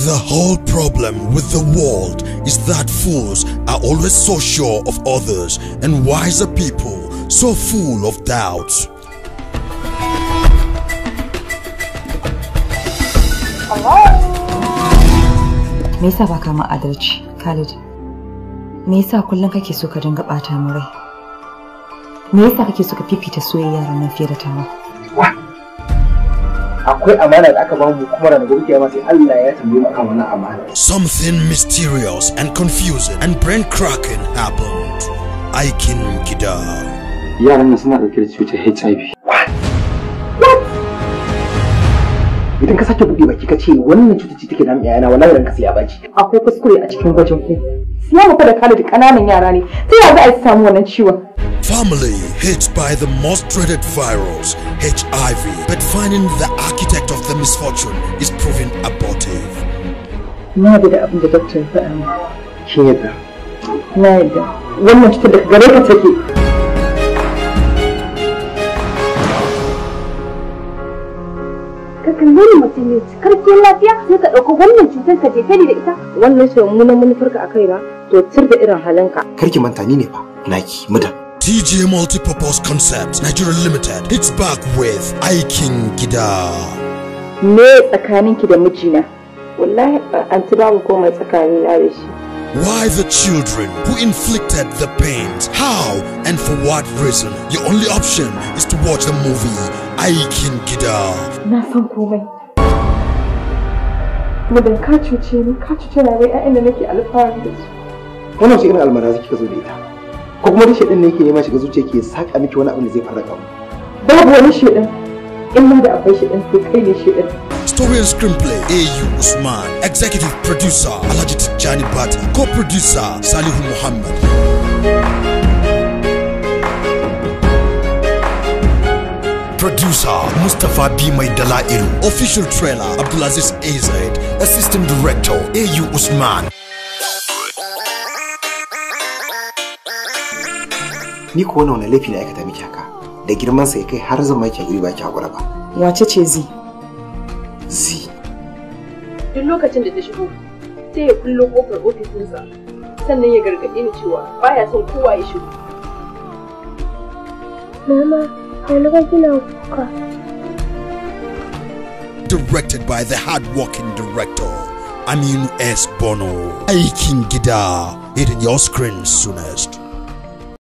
The whole problem with the world is that fools are always so sure of others and wiser people so full of doubts. Me yasa ba ka adalci, Khalid? Me yasa kullum kake so ka dinga bata mu rai? Me yasa kake so ka fifita soyayya ranar fiye da tawa? akwai amana da aka bamu kuma da gobe kiyama sai Allah ya tambaye mu akan wannan amana something mysterious and confusing and brain cracking happened aikin gida yaran nan suna dauke da cutar HIV idan ka sake buɗe baki ka ce wannan cutar ce take damun yayana wallahi ranka sai ya baci akwai kuskure a cikin gwajin ku siya mu da kala da kananan yara ne sai yanzu za a samu wannan ciwon family hit by the most dreaded virus, HIV, but finding the architect of the misfortune is proving abortive. Na bi da abin da doctor ya faɗa mu. Kin yadda? Na yadda. Wannan cutar da gare ka take. ka kalli ni mutum ne cikakken lafiya sai ka ɗauka wannan cutar ka je ni da ita wannan ce mummunan manufarka a kaina to tur da irin halinka kar ki manta ni ne fa naki mudan CJ Multipurpose Concepts Nigeria Limited. It's back with Aikin Gida. Me Why the children who inflicted the pains? How and for what reason? Your only option is to watch the movie Aikin Gida. Na san komai. Madan ka cuce ni, na wai ƴaƴan da nake alfahari da su. ko kuma rashin din ne yake nema ga zuciya ke saka miki wani abu da zai faraka mu babu wani shedan in ma da akwai shedan to kai ne shedan Story and screenplay AU Usman, executive producer Alhaji Tijjani Bat, co-producer Salihu Muhammad. producer Mustafa B. Maidalairu, official trailer Abdulaziz AZ, assistant director AU Usman. ni ko wani laifi na aikata miki haka da girman sa ya kai har zama ki guri ba ki hakura ba wace ce zi zi duk lokacin da ta shigo sai ya kullo kofar ofisinsa sannan ya gargaɗe ni cewa baya son kowa ya shigo mama ne kina kuka directed by the hard-working director Aminu S. Bono. Aikin gida, hitting your screen soonest.